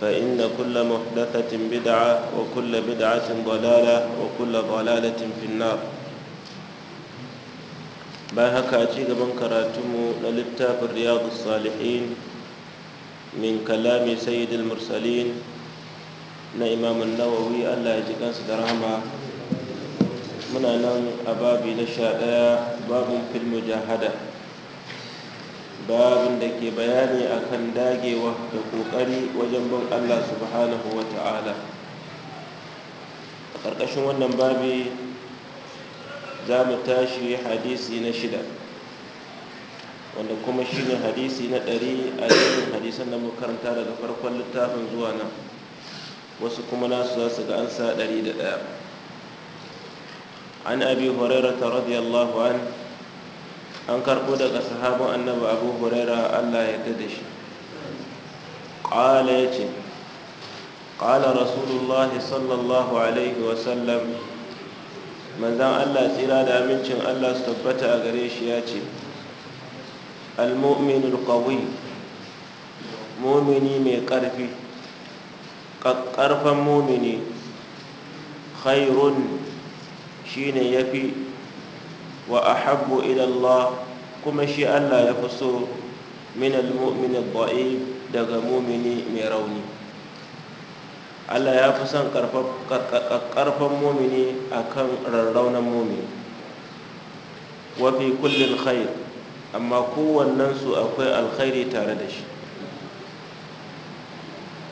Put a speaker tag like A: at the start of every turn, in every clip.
A: فإن كل محدثة بدعة وكل بدعة ضلالة وكل ضلالة في النار bayan haka a cigaban karatunmu na littafin riyadu salihin min kalami sayyidul mursalin na imamun nawawi allah ya ji kansu da rahama muna nan a babi na sha ɗaya babu filmu jahada babin da ke bayani akan dagewa da ƙoƙari wajen bin allah subhanahu wa ta'ala a ƙarƙashin wannan babi za mu tashi hadisi na shida wanda kuma shi ne hadisi na ɗari a cikin hadisan da muka karanta daga farkon littafin zuwa nan wasu kuma nasu za su ga an sa ɗari da ɗaya an abi hurairata radiyallahu anhu an karɓo daga sahabin annabi abu huraira allah ya da shi ƙala ya ce ƙala rasulullahi sallallahu alaihi wasallam manzan allah tsira da amincin allah su tabbata a gare shi ya ce almu'minul ƙawi mumini mai ƙarfi ƙarfan mumini khairun shine yafi وأحب إلى الله كما شيء الله يفسو من المؤمن daga دغ mai rauni. Allah ya fi son ƙarfan momini akan kan rarraunan momini wafi kullum khair amma su akwai alkhairi tare da shi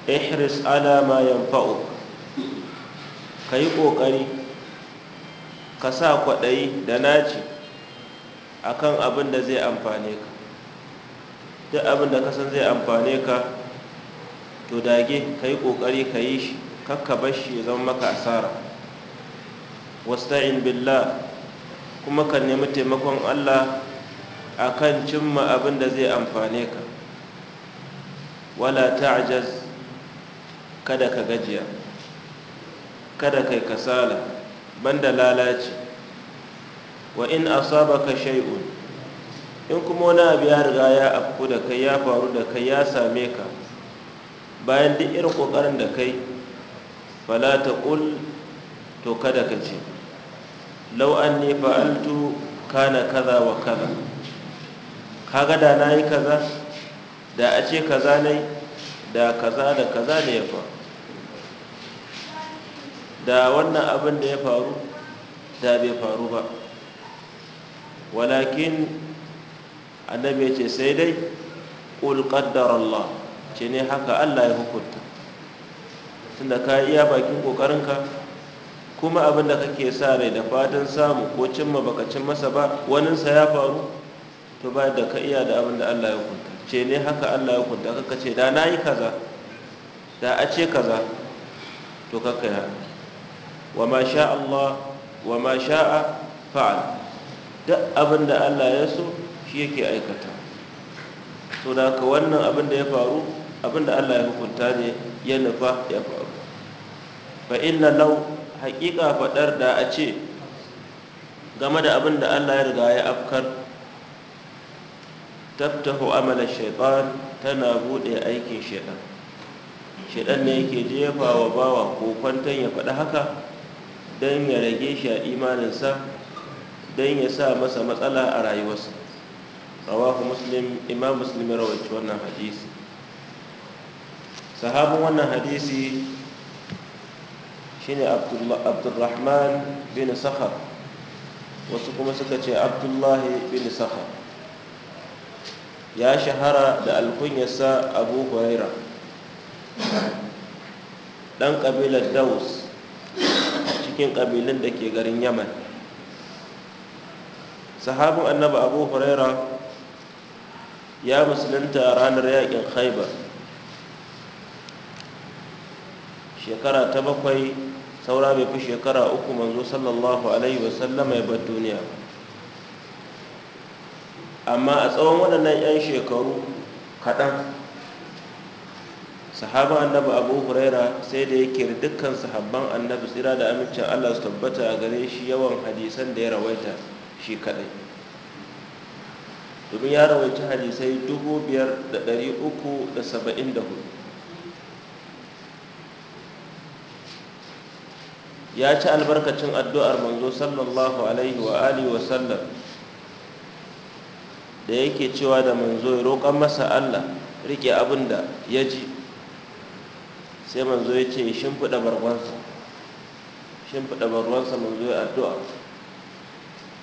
A: ihris ala ma yanfa'u ka yi ƙoƙari ka sa kwaɗayi da naci akan abin da zai amfane ka duk abin da ka san zai amfane ka to dage ka yi ƙoƙari ka yi shi kakka shi ya zama maka asara wasta'in billah kuma ka nemi taimakon allah akan cimma abin da zai amfane ka wala ta'jaz kada ka gajiya kada kai kasala banda lalaci wa in asabaka shay'un in kuma wani abu ya riga ya afku da kai ya faru da kai ya same ka bayan duk irin kokarin da kai fala taqul to kada ka ce law anni fa'altu kana kaza wa kaza kaga da nayi kaza da a ce kaza nayi da kaza da kaza ne ya faru da wannan abin da ya faru da bai faru ba walakin annabi ya ce sai dai ƙulƙaddar Allah ce ne haka Allah ya hukunta tunda ka iya bakin ƙoƙarinka kuma abin da kake sa rai da fatan samu ko cimma baka cin masa ba waninsa ya faru to ba da ka iya da abin da Allah ya hukunta ce ne haka Allah ya hukunta kaka ce da na yi kaza da a ce kaza to kaka ya wa ma sha Allah wa ma sha'a fa'al duk abin da Allah ya so shi yake aikata so da ka wannan abin da ya faru abin da Allah ya hukunta ne ya nufa ya faru fa inna law haƙiƙa faɗar da a ce game da abin da Allah ya riga ya afkar taftahu amala shaitan tana buɗe aikin shaitan shaitan ne yake jefa wa bawa ko kwanton ya faɗi haka don ya rage shi a imaninsa don ya sa masa matsala a rayuwarsa rawahu muslim imam muslim rawaici wannan hadisi sahabin wannan hadisi shine abdurrahman bin sakhar wasu kuma suka ce abdullahi bin sakhar ya shahara da alkunyarsa abu huraira ɗan ƙabilar daus cikin ƙabilun da ke garin yaman sahabin annabi abu huraira ya musulunta ranar yakin khaibar shekara ta bakwai saura bai fi shekara uku manzo sallallahu alaihi wasallama ya bar duniya amma a tsawon waɗannan 'yan shekaru kaɗan sahaba annabi abu huraira sai da yake dukkan sahabban annabi tsira da amincin allah su tabbata a gare shi yawan hadisan da ya rawaita shi kadai domin ya rawaita hadisai 5,374 ya ci albarkacin addu'ar manzo sallallahu alaihi wa alihi wasallam da yake cewa da manzo ya roƙon masa allah riƙe abin da ya ji sai manzo ya ce shimfiɗa barwansa shimfiɗa manzo ya addu'a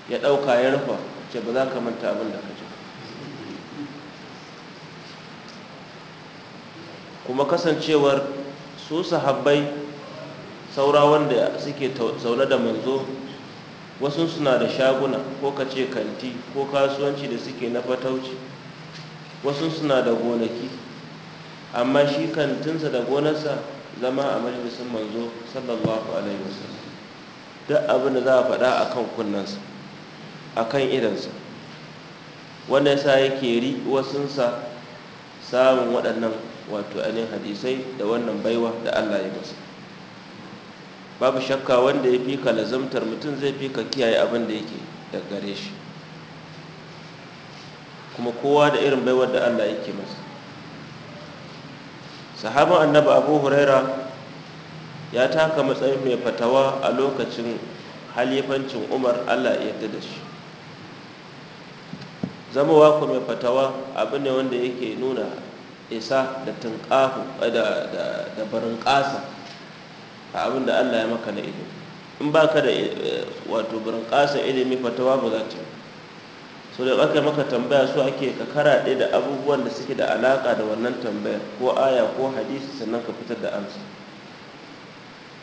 A: ya ɗauka ya rufa ce ba za ka manta abin da ka kuma kasancewar su sahabbai saura wanda suke zaune da manzo wasu suna da shaguna ko ka ce kanti ko kasuwanci da suke na fatauci wasu suna da gonaki amma shi kantinsa da gonarsa zama a majalisun manzo sallallahu alaihi wasallam duk abin da za a faɗa a kan kunnansa A kan idansa ya yasa yake ri wasunsa samun waɗannan wato ainihin hadisai da wannan baiwa da Allah ya masa babu shakka wanda ya fi ka lazamtar mutum zai fi ka kiyaye abin da yake da gare shi kuma kowa da irin baiwar da Allah yake masa sahaban annabi abu huraira ya taka matsayin mai fatawa a lokacin halifancin umar Allah ya yarda da shi zama ku mai fatawa abu ne wanda yake nuna isa da tunƙafu da barin ƙasa a abin da allah ya maka na ido in ba ka da eh, wato barin ƙasa ilimi fatawa ba za ta so da aka maka tambaya su ake ka karaɗe da abubuwan da suke da alaƙa da wannan tambayar ko aya ko hadisi sannan ka fitar da amsa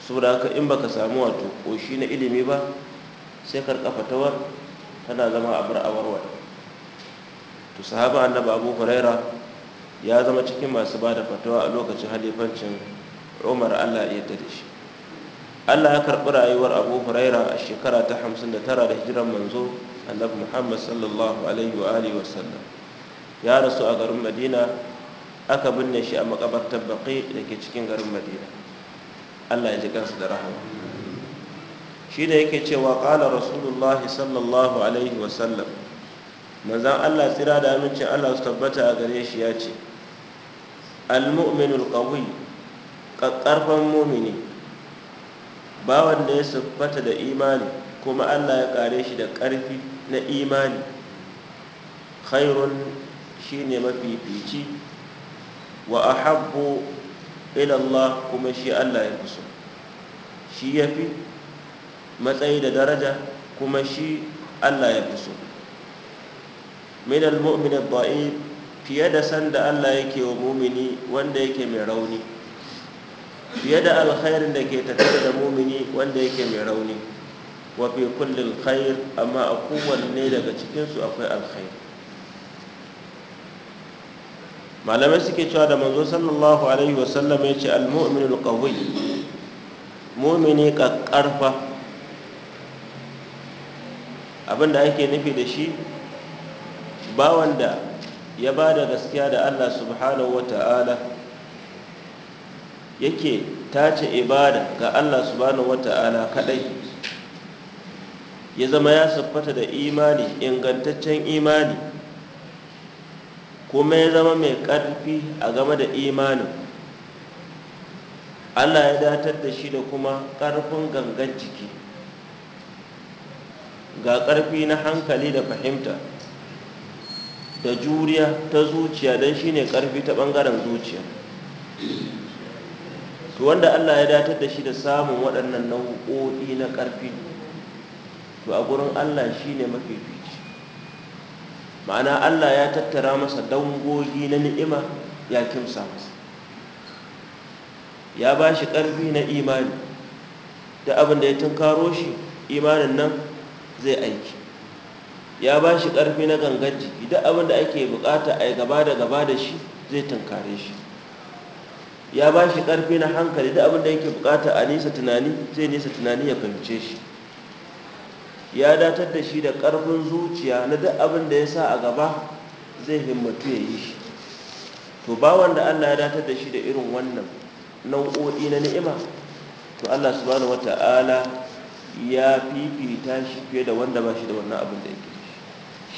A: saboda haka in baka samu wato shi na ilimi ba sai karka fatawar tana zama abar awarwar to sahaba annabi abu huraira ya zama cikin masu ba da fatawa a lokacin halifancin umar allah ya da shi allah ya karɓi rayuwar abu huraira a shekara ta 59 da hijiran manzo annabi muhammad sallallahu alaihi wa alihi wasallam ya rasu a garin madina aka binne shi a makabartar baƙi da ke cikin garin madina allah ya ji kansa da rahama shi da yake cewa ƙala rasulullahi sallallahu alaihi wasallam manzan Allah tsira da amincin Allah su tabbata a gare shi ya ce al-mu'minul qawi ƙarfan mumini bawan da ya siffata da imani kuma Allah ya kare shi da ƙarfi na imani khairun ne mafifici wa a habbo ilallah kuma shi Allah ya fi so shi fi matsayi da daraja kuma shi Allah ya fi so min al-mu'min ad-da'if fiye da sanda Allah yake wa mumini wanda yake mai rauni fiye da alkhairin da ke tattare da mumini wanda yake mai rauni wa fi kullil khair amma a kowanne daga cikinsu akwai alkhair malamai suke cewa da manzo sallallahu alaihi wasallam ya ce al-mu'min al-qawi mumini kakkarfa abinda ake nufi da shi bawan da ya ba da gaskiya da Allah subhanahu wa ta'ala yake tace ibada ga Allah subhanahu wa ta'ala kadai ya zama ya siffata da imani ingantaccen imani kuma ya zama mai ƙarfi a game da imanin Allah ya datar da shi da kuma ƙarfin gangan jiki ga ƙarfi na hankali da fahimta da juriya ta zuciya don shi ne ƙarfi ta bangaren zuciya to wanda Allah ya datar da shi da samun waɗannan nau'o'i na karfi to a gurin Allah shi shine mafifici ma'ana Allah ya tattara masa dangogi na ni'ima ya kimsa masa ya ba shi ƙarfi na imani da abin da ya tunkaro shi imanin nan zai aiki ya ba shi ƙarfi na gangan jiki duk abin da ake bukata a gaba da gaba da shi zai tunkare shi ya ba shi ƙarfi na hankali duk abin da yake bukata a nisa tunani zai nisa tunani ya fahimce shi ya datar da shi da ƙarfin zuciya na duk abin da ya sa a gaba zai himmatu ya yi shi to ba wanda allah ya datar da shi da irin wannan nau'o'i na ni'ima to allah subhanahu wata'ala ya fifita shi fiye da wanda ba shi da wannan abin da yake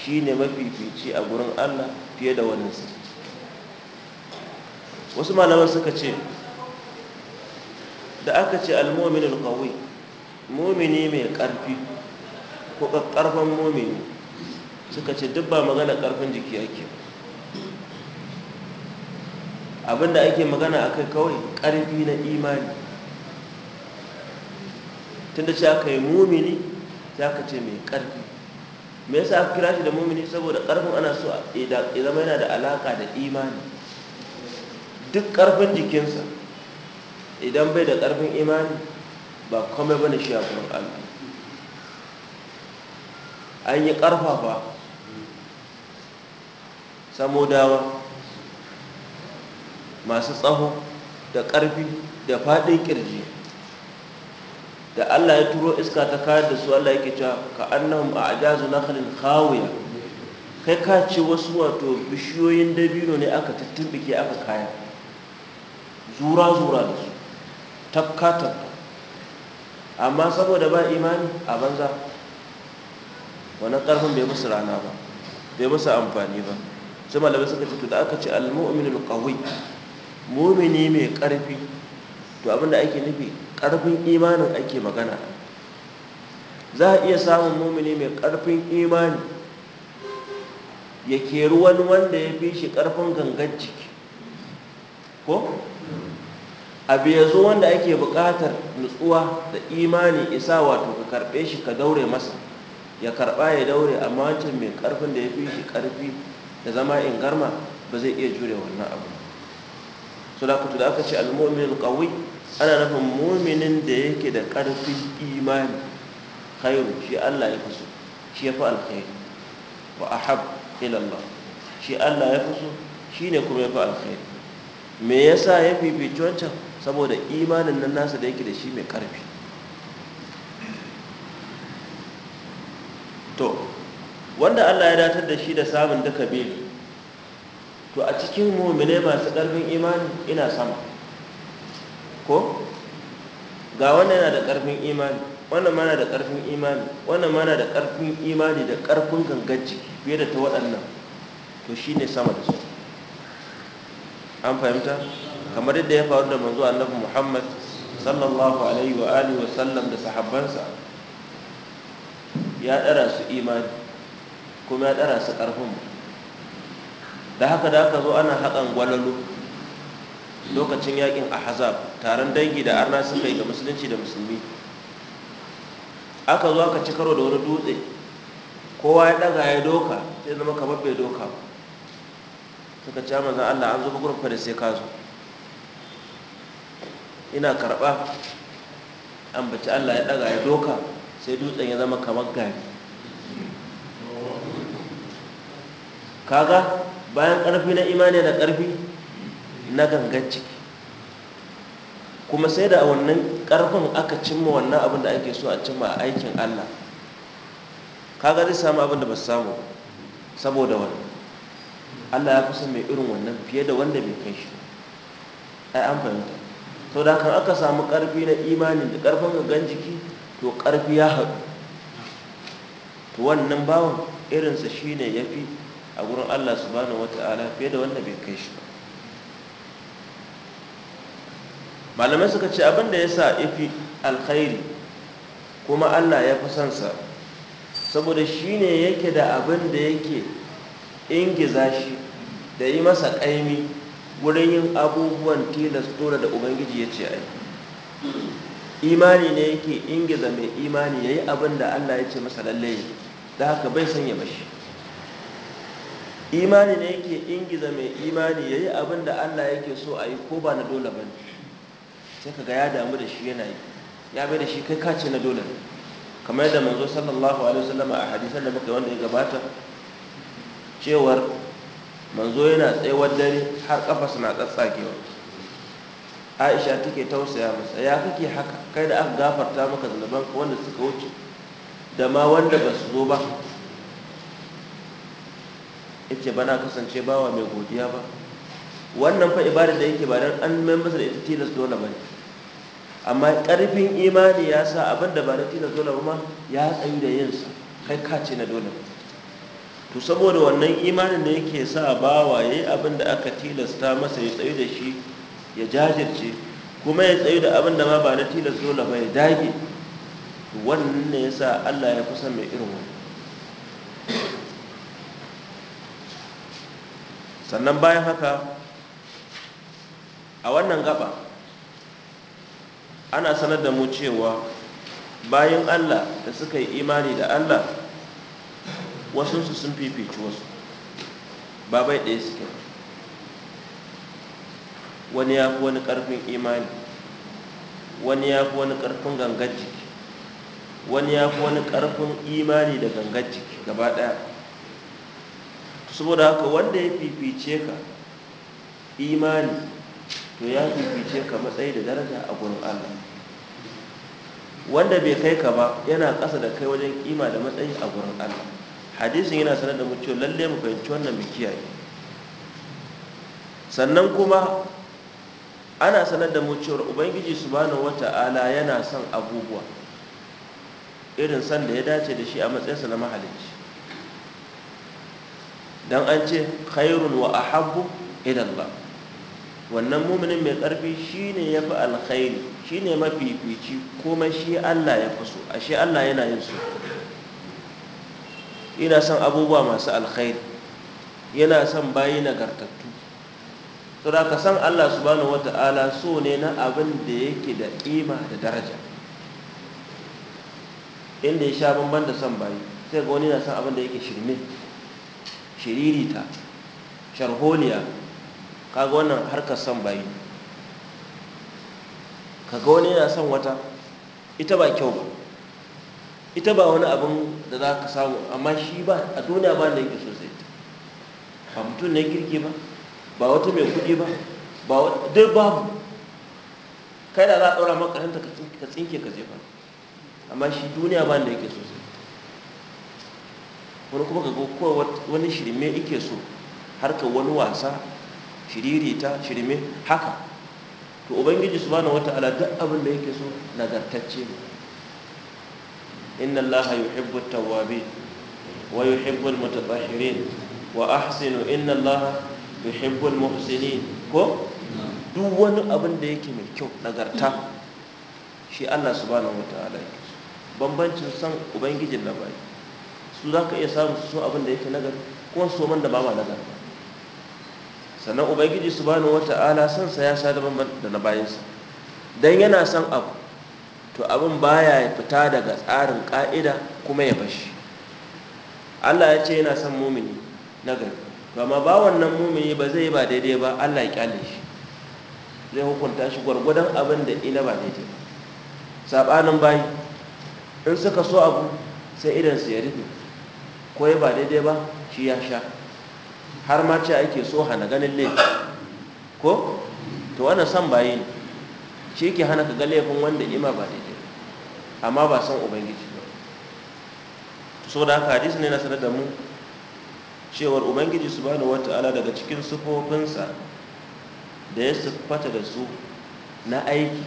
A: shine mafifici a gurin Allah fiye da wannan wasu malaman suka ce da aka ce al-mu'minul qawi mai karfi ko karfan mu'mini suka ce duk ba magana karfin jiki ake abinda ake magana akai kawai karfi na imani tunda shi aka yi mu'mini za ce mai karfi me yasa aka kira shi da mumini saboda karfin ana so a zama yana da alaka da imani duk karfin jikinsa idan bai da karfin imani ba kome ba na shafin allah an yi karfafa samodawa masu tsaho da karfi da fadin kirji da Allah ya turo iska ta kayar da su Allah yake cewa ka annahum a'jazu nakhlin khawiya kai ka ce wasu wato bishiyoyin dabino ne aka tattubike aka kaya zura zura da su tafka tafka amma saboda ba imani a banza wannan karfin bai musu rana ba bai musu amfani ba sai malamai suka ce to da aka ce al-mu'minul qawi mu'mini mai karfi to abinda ake nufi ƙarfin imanin ake magana za a iya samun mumini mai ƙarfin imani ya keru wani wanda ya fi shi ƙarfin gangan jiki ko abu ya zo wanda ake buƙatar nutsuwa da imani isa wato ka karɓe shi ka daure masa ya karɓa ya daure amma wancan mai ƙarfin da ya fi shi ƙarfi da zama in garma ba zai iya jure wannan abu so da aka ce al-mu'min qawi ana nufin muminin da yake da ƙarfin imani khairu shi Allah ya faso shi ya fi alkhairi wa ahab ilallah shi Allah ya faso shi ne kuma ya fi alkhairi me sa ya fifici wancan saboda imanin nan nasa da yake da shi mai ƙarfi to wanda Allah ya datar da shi da samun duka biyu to a cikin muminai masu ƙarfin imani ina sama ko ga wannan yana da ƙarfin imani wannan ma yana da ƙarfin imani wannan ma yana da ƙarfin imani da ƙarfin gangar jiki fiye da ta waɗannan to shi ne sama da su an fahimta kamar yadda ya faru da manzo annabi muhammad sallallahu alaihi wa alihi wa sallam da sahabbansa ya ɗara su imani kuma ya ɗara su ƙarfin da haka da aka zo ana haƙan gwalalo lokacin yakin ahzab taron dangi da arna suka yi ga musulunci da musulmi aka zo aka ci karo da wani dutse kowa ya daga ya doka sai zama kamar bai doka suka ci manzan allah an zo ba gurin sai ka zo ina karɓa bace allah ya daga ya doka sai dutsen ya zama kamar gari kaga bayan ƙarfi na imani da ƙarfi na gangan ciki kuma sai da wannan karfin aka cimma wannan abin da ake so a cimma a aikin Allah kaga zai samu abin da ba samu saboda wani Allah ya kusa mai irin wannan fiye da wanda bai kai shi ai an fahimta sau da kan aka samu karfi na imani da karfin gangan jiki to karfi ya haɗu to wannan bawan irinsa shine ya fi a gurin Allah subhanahu wata'ala fiye da wanda bai kai shi ba malamai suka ce abin da ya sa ifi alkhairi kuma allah ya fi sa, saboda shi ne yake da abin da yake ingiza shi da yi masa ƙaimi wurin yin abubuwan tilas tura da ubangiji ya ce ai imani ne yake ingiza mai imani ya yi abin da allah ya ce masa lallai da haka bai sanya mashi imani ne yake ingiza mai imani ya yi abin da allah yake so a yi ko ba na dole ba ne sai ka ga ya damu da shi yana yi ya bai da shi kai kace na dole kamar yadda manzo sallallahu alaihi wasallam a hadisan da muka wanda ya gabata cewar manzo yana tsayawar dare har kafas na tsatsagewa Aisha take tausaya masa ya kake haka kai da aka gafarta maka zanuban ka wanda suka wuce da ma wanda ba su zo ba yace bana kasance bawa mai godiya ba wannan fa ibadar da yake ba dan an mai masa da ita tilas dole bane amma karfin imani ya sa abin da ba da tilas dole ba ya tsayu da yin sa kai ka ce na dole to saboda wannan imanin da yake sa bawa yayi abin da aka tilasta masa ya tsayu da shi ya jajirce kuma ya tsayu da abin da ma ba na tilas dole ba ya dage to wannan ne yasa Allah ya fi son mai irin wannan sannan bayan haka a wannan gaba ana sanar da mu cewa bayan allah da suka yi imani da allah wasunsu sun fifici wasu ba bai ɗaya suke wani ya fi wani ƙarfin imani wani ya fi wani ƙarfin gangar jiki wani ya fi wani ƙarfin imani da gangar jiki gaba ɗaya saboda haka wanda ya fifice ka imani to ya fifice ka matsayi da daraja a gurin Allah wanda bai kai ka ba yana ƙasa da kai wajen kima da matsayi a gurin Allah hadisin yana sanar da mu cewa lalle mu fahimci wannan mu kiyaye sannan kuma ana sanar da mu cewa ubangiji subhanahu wata'ala yana son abubuwa irin san da ya dace da shi a matsayinsa na mahalicci dan an ce khairun wa ahabbu ila Allah wannan muminin mai ƙarfi ne ya fi alkhairi shi shine mafifici kuma shi Allah ya fi so shi Allah yana yin su ina son abubuwa masu alkhairi yana son bayi nagartattu to da ka san Allah subhanahu wata'ala so ne na abin da yake da ƙima da daraja inda ya sha bambam da son bayi sai ga wani na son abin da yake shirme shiririta sharholiya kaga wannan harkar son bayi kaga wani yana son wata ita ba kyau ba ita ba wani abin da za ka samu amma shi ba a duniya ba da yake sosai ba mutum na kirki ba ba wata mai kuɗi ba ba duk babu kai da za a tsora makaranta ka tsinke ka jefa amma shi duniya ba da yake sosai wani kuma ka ga kowa wani shirme yake so harkar wani wasa shiririta shirme haka to ubangiji subhanahu wataala duk abin da yake so nagartacce ne inna allaha yuhibbu at-tawwabin wa yuhibbu al-mutatahhirin wa ahsinu inna allaha yuhibbu al-muhsinin ko duk wani abin da yake mai kyau nagarta shi Allah subhanahu wataala yake so bambancin san ubangijin na bai su ka iya samun su so abin da yake nagari kuma su so man da ba ma nagari sannan ubangiji subhanahu wata'ala san sa ya sa daban da na bayansa dan yana san abu to abin baya ya fita daga tsarin ka'ida kuma ya bashi Allah ya ce yana son mumini na gari to amma ba wannan mumini ba zai ba daidai ba Allah ya kyale shi zai hukunta shi gwargwadon abin da ina ba daidai ba sabanin bayi in suka so abu sai idan su ya rufe ko ya ba daidai ba shi ya sha har ma ce ake so hana ganin laifi ko to wannan san bayi ne shi ke hana ka ga laifin wanda ima ba daidai amma ba san ubangiji ba so da haka hadisi ne na sanar da mu cewar ubangiji su bani wata ala daga cikin sufofinsa da ya siffata da su na aiki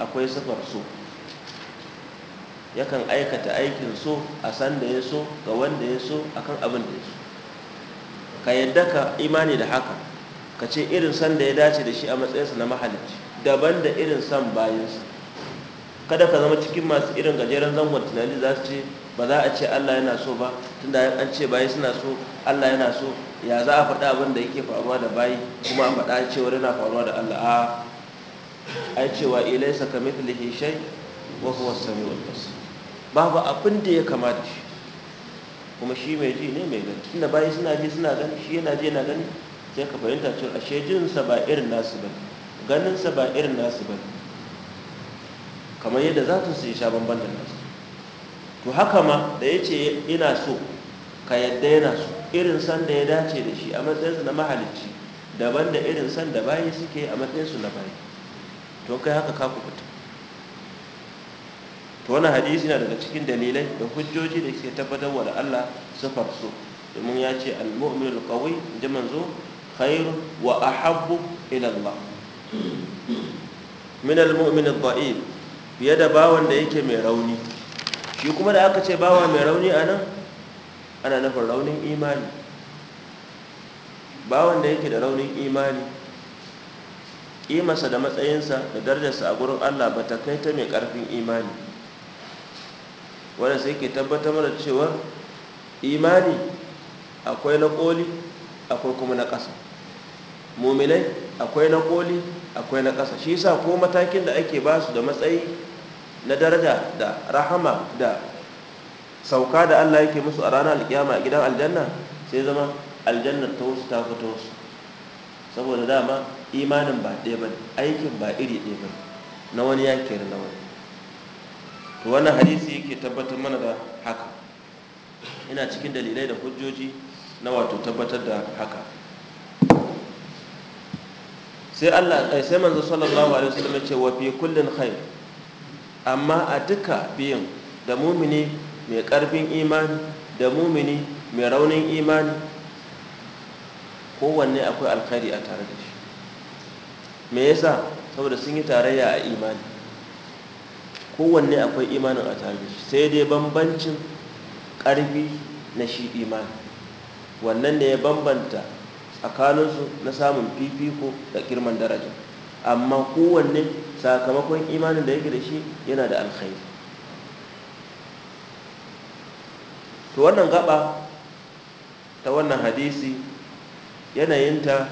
A: akwai siffar so yakan aikata aikin so a san da ya so ga wanda ya so akan abin da ya so ka yadda ka imani da haka ka ce irin san da ya dace da shi a matsayinsa na mahalicci daban da irin san bayansu. kada ka zama cikin masu irin gajeren zangon tunani za su ce ba za a ce allah yana so ba tunda an ce bayi suna so allah yana so ya za a faɗa abin da yake faruwa da bayi kuma a faɗa wani yana faruwa da allah a ai cewa ilaisa kamithlihi shay wa huwa sami samiul wasu. babu abin da ya kamata shi kuma shi mai ji ne mai gani inda bayi suna ji suna gani shi yana ji yana gani sai ka fahimta cewa ashe jinsa ba irin nasu ba ganinsa ba irin nasu ba kamar yadda za su yi sha bamban da nasu to haka ma da ya ce ina so ka yadda yana so irin san da ya dace da shi a matsayinsu na mahalicci daban da irin san da bayi suke a matsayinsu na bayi to kai haka ka kubuta to wannan hadisi na daga cikin dalilai da hujjoji da ke tabbatar wa da Allah sifar su domin ya ce al-mu'min al-qawi inji manzo khairu wa ahabbu ila Allah min al-mu'min al-da'if fiye da bawan da yake mai rauni shi kuma da aka ce bawa mai rauni anan ana nufin raunin imani bawan da yake da raunin imani kimarsa da matsayinsa da darajarsa a gurin Allah ba ta kai ta mai karfin imani wanda sai ke tabbatar mana cewa imani akwai na koli akwai kuma na ƙasa muminai akwai na koli akwai na ƙasa shi yasa ko matakin da ake ba su da matsayi na daraja da rahama da sauka da Allah yake musu a ranar alkiyama a gidan aljanna sai zama aljannar ta wasu ta fito wasu saboda dama imanin ba ɗaya ba aikin ba iri ɗaya ba na wani ya kere na wani to wannan hadisi yake tabbatar mana da haka ina cikin dalilai da hujjoji na wato tabbatar da haka sai Allah ai eh, sai manzo sallallahu alaihi wasallam ya ce wa fi kullin khair amma a duka biyan da mumini mai karfin imani da mumini mai raunin imani kowanne akwai alkhairi a tare da shi me yasa saboda sun yi tarayya a imani kowanne akwai imanin a tare da shi sai dai bambancin ƙarfi na shi imani wannan ne ya bambanta tsakaninsu na samun fifiko da girman daraja amma kowanne sakamakon imanin da yake da shi yana da alkhairi to wannan gaba ta wannan hadisi yanayinta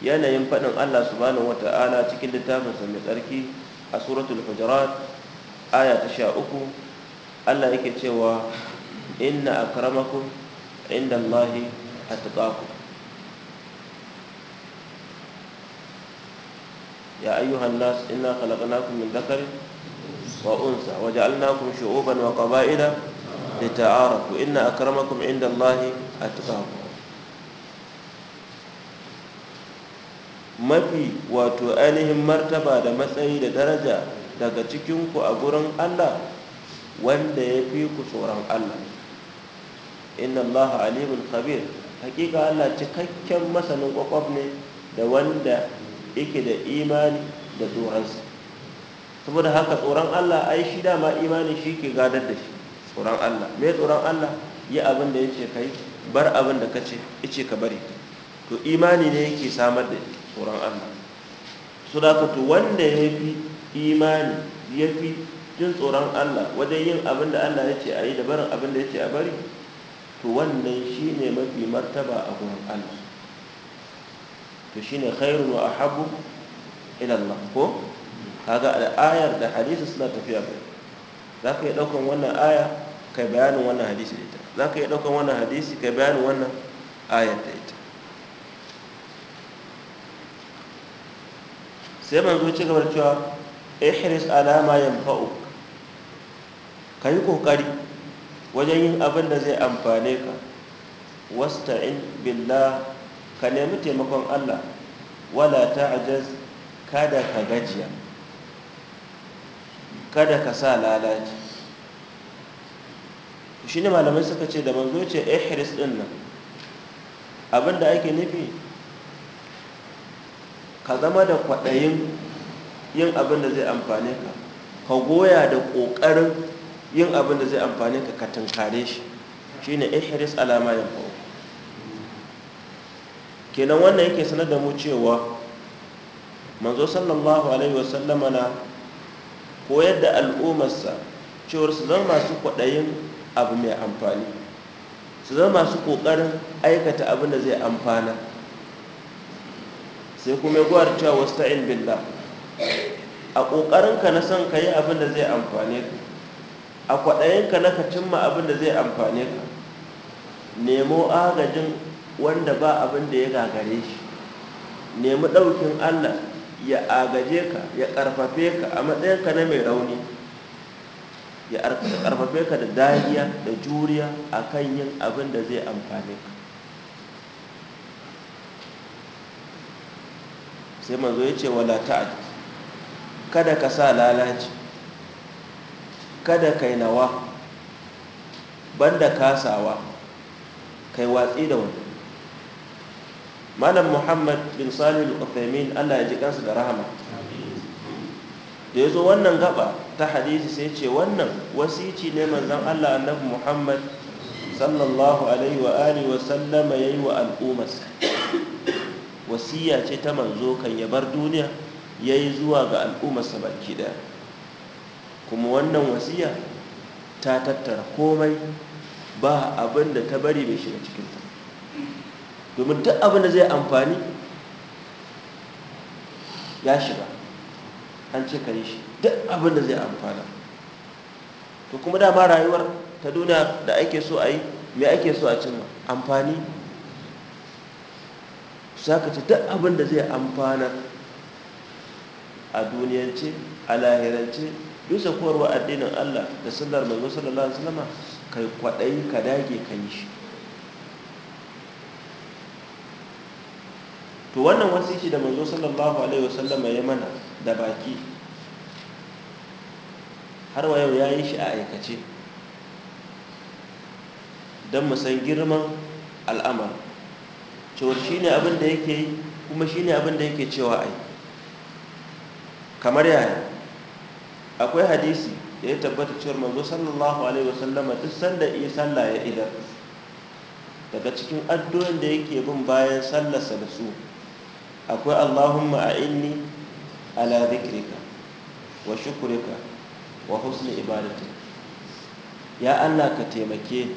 A: yanayin faɗin allah subhanahu wata'ala cikin littafinsa mai tsarki a suratul hujurat aya ta sha uku allah yake cewa inna akramakum inda allahi a tuƙaku ya ayyuhan nas inna khalaqnakum min dhakarin wa unsa wa ja'alnakum shu'uban wa qaba'ila lita'arafu inna akramakum inda allahi a tuƙaku mafi wato ainihin martaba da matsayi da daraja daga cikinku a gurin Allah wanda ya fi ku tsoron Allah inna Allah alimul khabir hakika Allah cikakken masanin kwakwaf ne da wanda yake da imani da tsoronsa saboda haka tsoron Allah ai shi dama imani shi ke gadar da shi tsoron Allah me tsoron Allah yi abin da yace kai bar abin da kace yace ka bari to imani ne yake samar da tsoron Allah su da to wanda ya imani ya fi jin tsoron Allah wajen yin abin da Allah ya ce a yi da barin abin da ya ce a bari to wannan shi ne mafi martaba a gurin Allah to shi ne khairun wa ahabu ilallah ko kaga al'ayar da hadisi suna tafiya bai za ka yi ɗaukan wannan aya kai bayanin wannan hadisi da ita za ka yi ɗaukan wannan hadisi kai bayanin wannan ayar da ita sai manzo ci gaba da cewa ihris alama yanfa'u ka yi ƙoƙari wajen yin abin da zai amfane ka wasta'in billah ka nemi taimakon allah wala ta'jaz kada ka gajiya kada ka sa lalaci shi malamai suka ce da manzo ce ihris din nan abinda ake nufi ka zama da kwaɗayin yin abin da zai amfane ka ka goya da ƙoƙarin yin abin da zai amfane ka ka tunkare shi shine ihris alama ya kawo. kenan wannan yake sanar da mu cewa manzo sallallahu alaihi wasallama na koyar da al'ummarsa cewar su zama masu kwaɗayin abu mai amfani su zama masu ƙoƙarin aikata abin da zai amfana sai kuma ya gwar cewa wasta'in billah a ƙoƙarinka na son ka yi abin da zai amfane ka a kwaɗayinka na ka cimma abin da zai amfane ka nemo agajin wanda ba abin da ya gagare shi nemi ɗaukin allah ya agaje ka ya ƙarfafe ka a matsayinka na mai rauni ya ƙarfafe ka da dariya da juriya a kan yin abin da zai amfane ka sai manzo ya ce wala ta'ad kada ka sa lalaci kada kai nawa banda kasawa kai watsi da wani malam muhammad bin al uthaymin allah ya ji kansa da rahama da ya zo wannan gaba ta hadisi sai ce wannan wasici ne manzan allah annabi muhammad sallallahu alaihi wa wa sallama yayi wa al'ummas wasiya ce ta manzo kan ya bar duniya ya yi zuwa ga al'ummarsa baki daya kuma wannan wasiya ta tattara komai ba abin da ta bari bai shiga cikinta domin duk abin da zai amfani ya shiga an ce ka yi shi duk abin da zai amfana to kuma dama rayuwar ta duniya da ake so a yi mai ake so a cin amfani su haka ce duk abin da zai amfanar a duniyance a lahirance dusa wa addinin Allah da sallar manzo sallallahu alaihi wasallam kai kwaɗayi ka dage ka yi shi to wannan wasiki da manzo sallallahu alaihi wasallam ya mana da baki har wa yau ya yi shi a aikace don mu san girman al'amar cewar shine abin da yake yi kuma shine abin da yake cewa ai kamar yaya akwai hadisi da ya tabbata cewar manzo sallallahu alaihi wasallama duk sanda yi sallah ya idar daga cikin addu'an da yake bin bayan sallarsa da su akwai allahumma a inni ala zikrika wa shukrika wa husni ibadatik ya allah ka taimake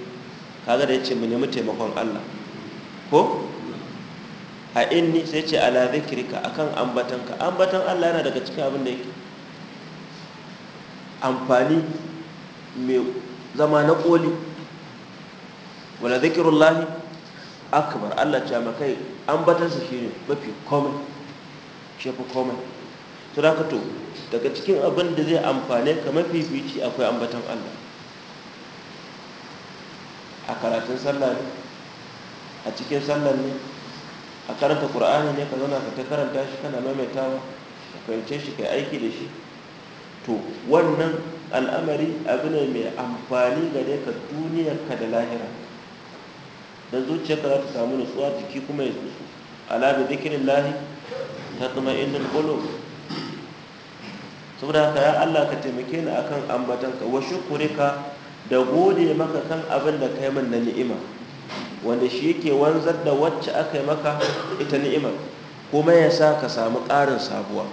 A: kaga da yace ce mu nemi taimakon allah ko a inni sai ce ala zikrika akan ambatanka ambatan Allah yana daga cikin abin da yake amfani mai zama na koli wala zikrullahi akbar Allah ce ambatan su shine mafi komai shefu komai to da to daga cikin abin da zai amfane ka mafi fici akwai ambatan Allah a karatun sallah ne a cikin sallah ne a karanta qur'ani ne ka zauna ka ta karanta shi kana maimaitawa ka fahimce shi ka aiki da shi to wannan al'amari abu ne mai amfani gare ka duniyarka da lahira zuciya ka za ta samu nutsuwa jiki kuma ya zuci ala bi zikirin lahi ta tsuma saboda haka ya allah ka taimake ni akan ambatanka wa shukurika da gode maka kan abin da kai min na ni'ima wanda shi yake wanzar da wacce aka yi maka ita ni'imar kuma ya sa ka samu ƙarin sabuwa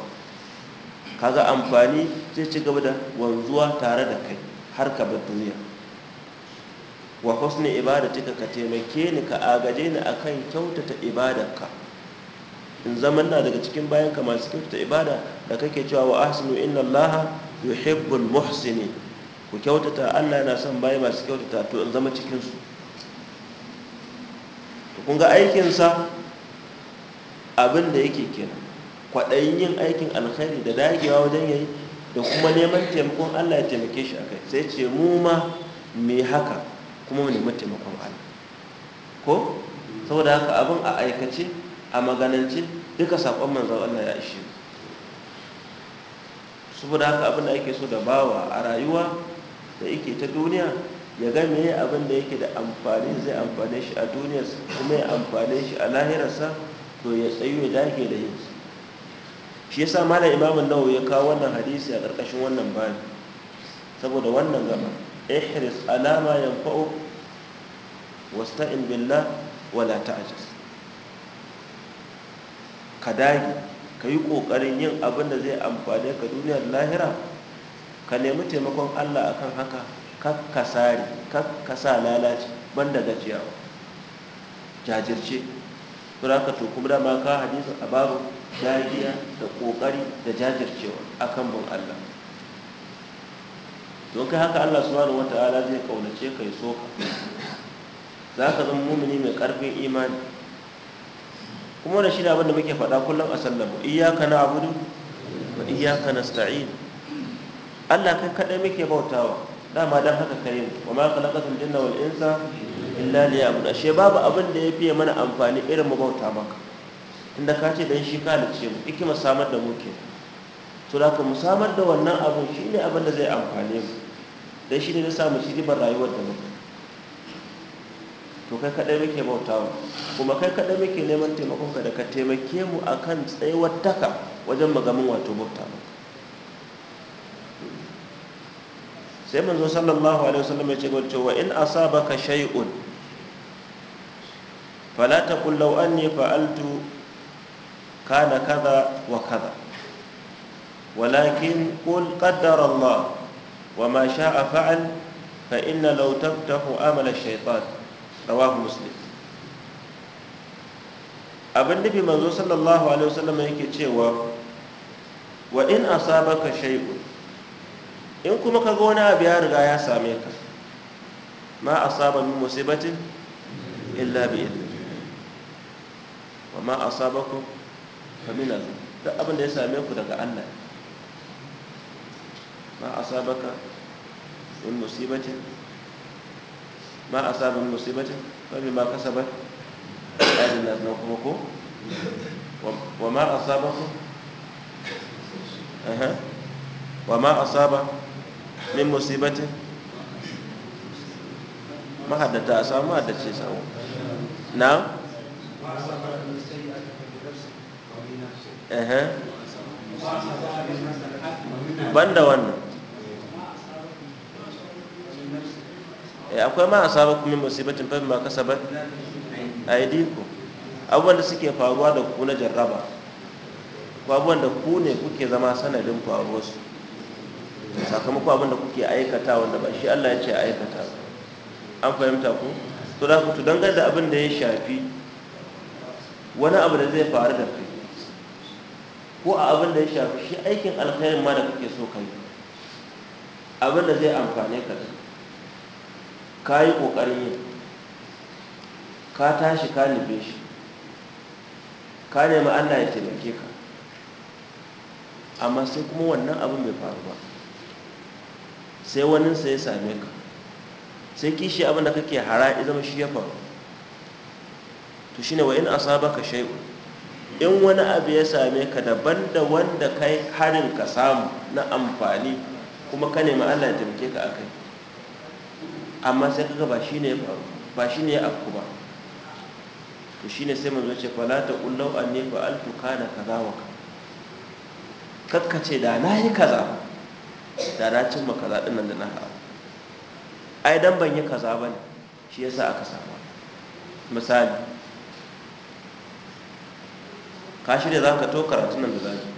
A: kaga amfani zai ci gaba da wanzuwa tare da kai har ka bar duniya wa husni ibadatika ka taimake ni ka agaje ni akan kyautata ibadarka in zaman na daga cikin bayan ka masu kyautata ibada da kake cewa wa ahsinu inna allaha yuhibbul muhsinin ku kyautata Allah yana son bayan masu kyautata to in zama cikin su kun ga aikinsa abinda yake kenan kwaɗayin yin aikin alkhairi da dagewa wajen yayi da kuma neman taimakon Allah ya taimake shi akai sai ce mu ma me haka kuma mu nemi taimakon Allah ko saboda haka abin a aikace a maganance duka sakon manzon Allah ya ishe saboda haka abin da ake so da bawa a rayuwa da yake ta duniya ya ga me abin da yake da amfani zai amfane shi a duniyar kuma ya amfane shi a lahirarsa to ya tsayu ya dage da yin shi ya yasa malam imamun nawa ya kawo wannan hadisi a ƙarƙashin wannan babi saboda wannan gaba ihris alama ya wasu ta'in billa wala ta'jiz ka dage ka yi ƙoƙarin yin abin da zai amfane ka duniyar lahira ka nemi taimakon Allah akan haka kakkasari kakkasa kakka sa lalaci banda gajiyawa jajirce suraka to kuma da ka hadisu a babu dariya da kokari da jajircewa akan bin Allah don kai haka Allah subhanahu wata'ala zai kaunace kai soka za ka zama mumini mai karfin imani kuma da shi ne da muke faɗa kullum a sallama iyaka na abudu wa iyaka na sta'in Allah kai kaɗai muke bautawa dama dan haka kare wa ma khalaqatul jinna wal insa illa liya'budun ashe babu abin da ya fiye mana amfani irin mu bauta maka tunda ka ce dan shi ka dace mu ikima samar da muke to da mu samar da wannan abu shi ne abin da zai amfane mu dan shi ne na samu shi ribar rayuwar da muke to kai kaɗai muke bautawa kuma kai kaɗai muke neman taimakonka da ka taimake mu akan tsayuwar taka wajen magamin wato bauta maka sai manzo sallallahu alaihi wasallam ya ce wacce wa in asabaka shay'un fala taqul law anni fa'altu kana kaza wa kaza walakin qul qaddara Allah wa ma sha'a fa'al fa inna law taftahu amala shaytan rawahu muslim abin nufi manzo sallallahu alaihi wasallam yake cewa wa in asabaka shay'un in kuma ka ga wani abu ya riga ya same ka ma asaba min musibatin illa biyar. wa ma a fa kamina Allah duk abin da ya same ku daga Allah ma sabaka in musibatin ma asaba min musibatin fa bima kasabat aydin nas na kuma ko wa ma a aha wa ma a asaba min musibatin mahaddata a samu haddace samu na ban banda wannan eh, akwai ma a saba kuma musibatin fahim ba kasabar a yi diko abubuwan da suke faruwa da ku na jarraba abubuwan da ku ne kuke zama sanadin faruwarsu sakamakon abin da kuke aikata wanda ba shi Allah ya ce aikata an fahimta ku to da ku dangar da abin da ya shafi wani abu da zai faru da kai ko a abin da ya shafi shi aikin alkhairin ma da kake so kai abin da zai amfane ka ka yi ƙoƙarin yi, ka tashi ka nufe shi ka nemi Allah ya taimake ka amma sai kuma wannan abin bai faru ba sai waninsa ya same ka sai kishi abinda kake hara ya zama shi ya faru to shine wa in ka shay'un in wani abu ya same ka daban da wanda kai harin ka samu na amfani kuma ka nemi Allah ya taimake ka akai amma sai kaga ba ne ya faru ba ne ya afku ba to shine sai zoce ce fala ta qullau anni fa'altu kana kaza wa kaza kakkace da nayi kaza da na cimma kaza din nan da na haɗu ai dan ban yi kaza ba ne shi yasa aka samu misali ka shirya za ka to karatun nan da za ki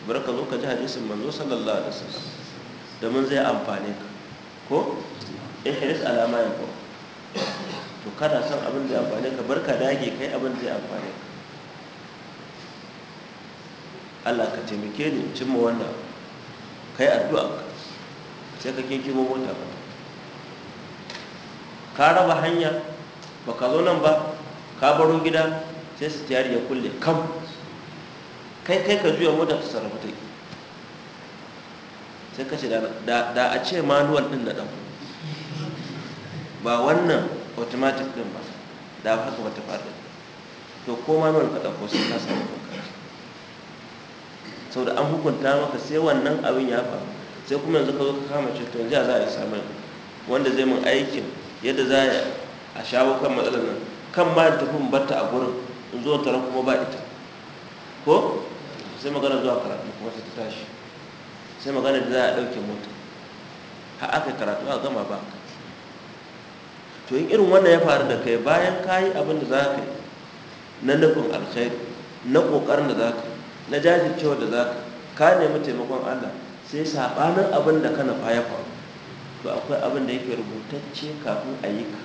A: ci bar ka zo ka ji hadisin manzo sallallahu alaihi wasallam domin zai amfane ka ko in ihris alama ya ko to kana son abin da ya amfane ka bar ka dage kai abin da ya amfane ka Allah ka taimake ni cimma wannan kai addu'a sai ka kinkimo mota ba ka raba hanya ba ka zo nan ba ka baro gida sai su tiyari ya kulle kam kai kai ka juya mota ta sarrafa ta sai ka ce da a ce manuwal ɗin na ɗan ba wannan automatic din ba da haka ba ta faru to ko manual ka ko sai ka samu kanka Sau da an hukunta maka sai wannan abin ya faru sai kuma yanzu ka zo ka kama ce tun yanzu za a yi samun wanda zai mun aikin yadda za a shawo kan matsalar nan kan ma tafi mu a gurin in zo tare kuma ba ita ko sai magana zuwa karatu kuma sai ta tashi sai magana da za a ɗauke mota ha aka karatu a gama ba to yin irin wannan ya faru da kai bayan ka yi abin da za ka yi na nufin alkhairi na ƙoƙarin da za ka na jajircewa da za ka nemi taimakon allah sai saɓanin abin da ka nufa ya faru to akwai abin da yake rubutacce kafin a yi ka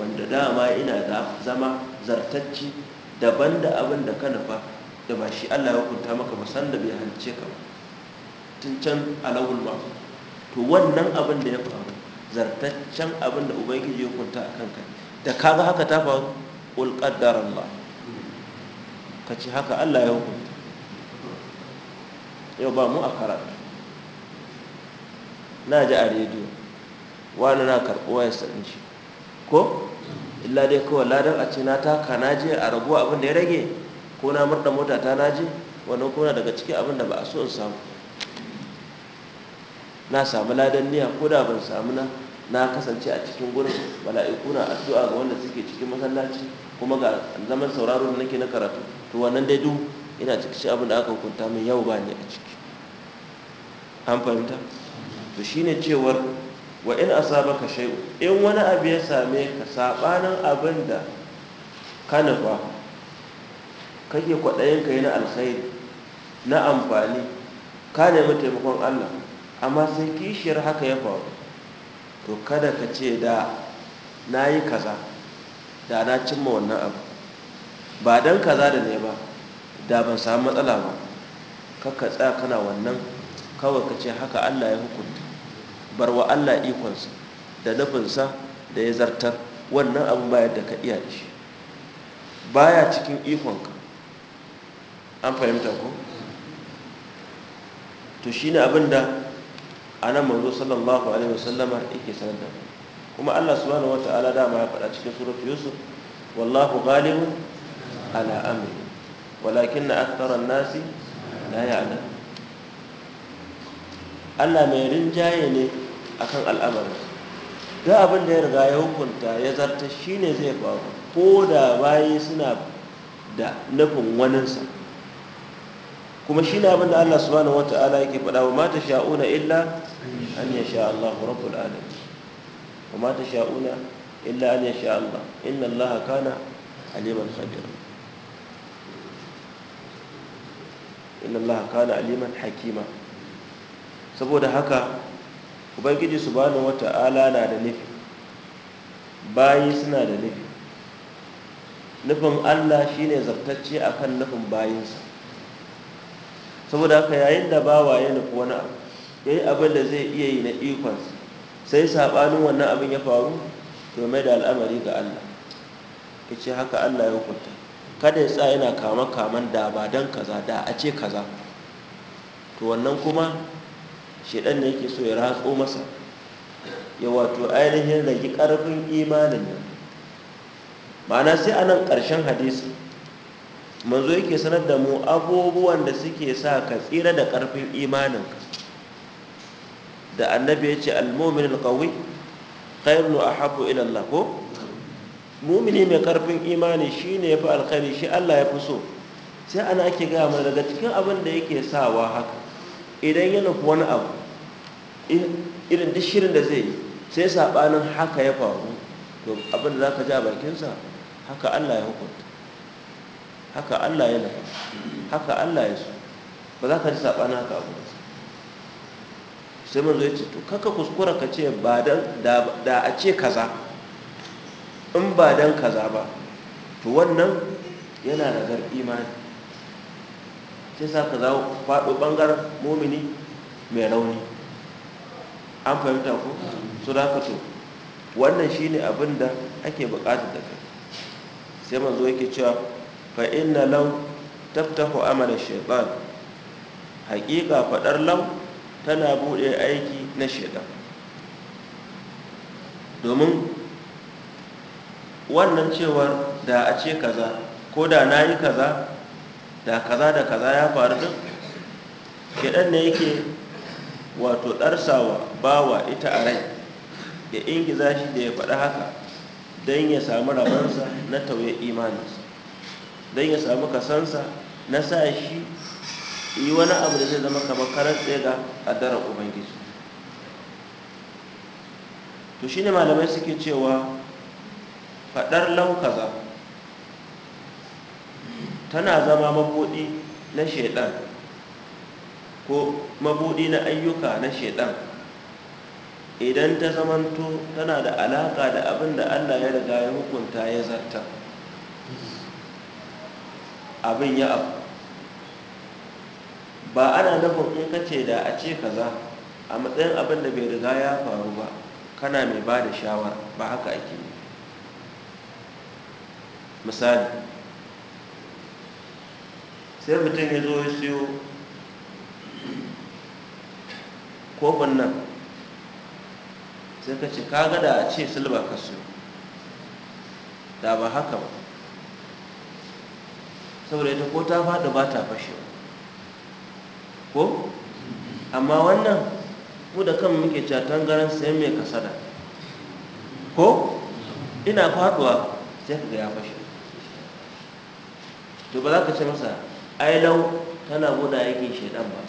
A: wanda dama ina zama zartacci daban da abin da ka nufa da ba shi allah ya hukunta maka ba san da bai hance ka ba tun can alawul ma to wannan abin da ya faru zartaccen abin da ubangiji ya hukunta a kanka da ka ga haka ta faru ulƙaddar allah ka ce haka allah ya hukunta yau ba mu a karatu na ji a rediyo wani na karɓo ya sanin shi ko illa dai kawai ladar a cina na taka na je a raguwa abin da ya rage ko na murda mota ta na je wannan kuna daga cikin abin da ba a so in samu na samu ladan niyya ko da ban samu na na kasance a cikin gurin mala'iku na addu'a ga wanda suke cikin masallaci kuma ga zaman sauraro da nake na karatu to wannan dai duk ina cikin abin da aka hukunta min yau ba ne a ciki an fahimta to shine cewar wa in ka shay in wani abu ya same ka sabanin abin da ka nufa kake kwaɗayin ka yi na alkhairi na amfani ka nemi taimakon Allah amma sai kishiyar haka ya faru to kada ka ce da na yi kaza da na cimma wannan abu ba don kaza da ne ba da ban samu matsala ba kakka tsaya kana wannan kawai ka ce haka allah ya hukunta bar wa allah ikonsa da nufinsa da ya zartar wannan abin bayar da ka iya da shi baya cikin ikonka an fahimta ko to shi ne abin da a nan manzo sallallahu alaihi wasallama yake sanar da kuma allah subhanahu wa ta'ala dama ya faɗa cikin surat yusuf wallahu ghalibun ala amri walakin na aktaran nasi la ya'lam Allah mai rinjaye ne akan al’amari, da abin da ya riga ya hukunta ya zarta shine zai faru ko da bayi suna da nufin waninsa kuma shi ne abin da Allah subhanahu wata'ala yake faɗa wa mata sha'una illa an ya sha rabbul alamin wa mata sha'una illa an ya sha Allah inna Allah kana aliman khabira inna allaha kana aliman hakima saboda haka ubangiji subhanahu wata'ala na da nufi bayi suna da nufi nufin Allah shine zartacce akan nufin bayinsa saboda haka yayin da bawa ya nufi wani abu yayi abin da zai iya yi na ikonsa sai sabanin wannan abin ya faru domin da al'amari ga Allah yace haka Allah ya hukunta kada ya sa yana kama kaman da ba dan kaza da a ce kaza to wannan kuma shedan ne yake so ya ratso masa ya wato ainihin rage karfin imanin nan ma'ana sai a nan ƙarshen hadisi manzo yake sanar da mu abubuwan da suke sa ka tsira da ƙarfin imaninka da annabi ya ce muminul qawi khairu ahabu ila Allah ko mumini mai karfin imani shi ne ya fi alkhari shi allah ya fi so sai ana ake gaya mana daga cikin abin da yake sawa haka idan yana fi wani abu irin duk shirin da zai yi sai saɓanin haka ya faru to abin da za ka ja bakinsa haka allah ya hukunta haka allah ya nufa haka allah ya so ba za ka ji saɓanin haka abu sai manzo ya ce to kaka kuskura ka ce ba da a ce kaza in ba dan kaza ba to wannan yana ragar imani sai sa ka za faɗo ɓangaren momini mai rauni an fahimta ku su da Wannan wannan ne abin da ake buƙatar da kai sai manzo yake cewa fa inna law taftahu amal shaytan haƙiƙa faɗar lau tana buɗe aiki na shaytan domin wannan cewar da a ce kaza ko da na yi kaza da kaza da kaza ya faru din shaɗan ne yake wato ɗarsawa bawa ita a rai da ingiza shi da ya faɗi haka don ya samu rabansa na tauye imaninsa don ya samu kasansa na sa shi yi wani abu da zai zama kamar karar tsaye a daren ubangiji to shine malamai suke cewa faɗar kaza tana zama mabuɗi na shaidan ko mabuɗi na ayyuka na shaidan idan ta zamanto tana da alaƙa da abin da allah ya riga ya hukunta ya zarta abin ya abu ba ana nufin in ka ce da a ce kaza a matsayin abin da bai riga ya faru ba kana mai ba da shawar ba haka ake yi misali sai mutum ya zo ya siyo kofin nan sai ka ce ka gada a ce silba ka siyo da ba haka ba saboda ita ko ta faɗi ba ta fashe, ko amma wannan mu da kan muke catan garin sai mai kasada ko ina faɗuwa sai ka ga ya fashe to ba za ka ce masa ai lau tana buɗa aikin shaidan ba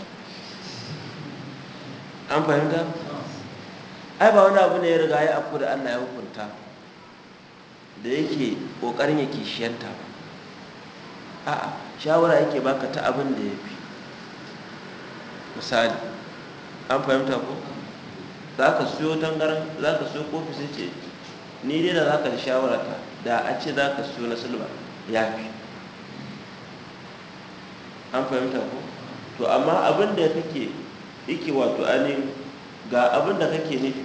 A: an fahimta ai ba wani abu ne ya riga ya afku da Allah ya hukunta da yake kokarin ya kishiyanta ba a'a shawara yake baka ta abin da ya fi, misali an fahimta ko za ka siyo tangaran za ka siyo kofi sai ce ni dai da za ka shawara ta da a ce za ka siyo na silba ya fi an fahimta ko to amma abin da kake yake wato ainihin ga abin da kake nufi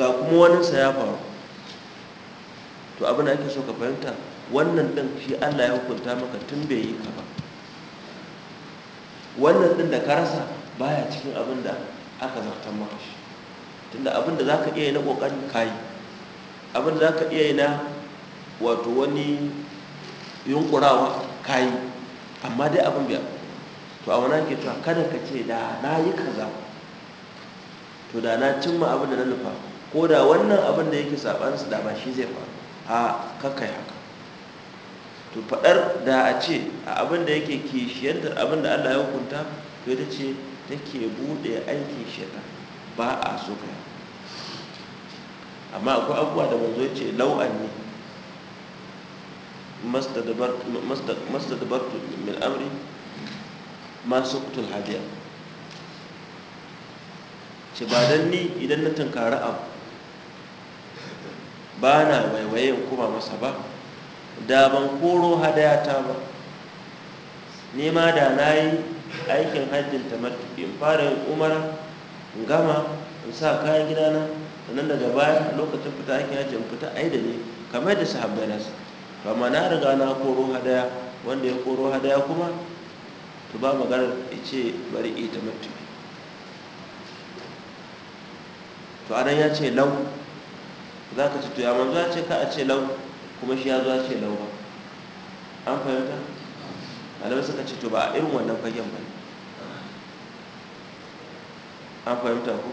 A: ga kuma waninsa ya faru to abin da ake so ka fahimta wannan ɗin shi allah ya hukunta maka tun bai yi ka ba wannan ɗin da ka rasa baya cikin abin da aka zartan maka shi tunda abin da za ka iya yi na ƙoƙarin kayi abin da za ka iya yi na wato wani yunkurawa kayi amma dai abin biya to a wani ake cewa kada ka ce da na yi kaza to da na cimma abin da na nufa ko da wannan abin da yake sabansu da ba shi zai faru a kakai haka to faɗar da a ce a abin da yake kishiyantar abin da allah ya hukunta to ita ce take buɗe aiki shekar ba a so kai amma akwai abubuwa da manzo ya ce lau'an ne ما استدبرت من أمري ما سقط ce ba don ni idan na tunkari abu ba na waiwaye kuma masa ba da ban koro ta ba nema da na yi aikin hajjin tamattuki in fara yin umara in gama in sa kayan gidana sannan daga baya lokacin fita aikin hajji in fita ai ne kamar da sahabbai na suka kama na riga na koro hadaya wanda ya koro hadaya kuma to ba maganar ce bari ita mutu to anan ya ce lau za ka ci to manzu ya ce ka a ce lau kuma shi ya zo ya ce lau ba an fahimta malamai suka ce to ba a irin wannan fagen ba an fahimta ko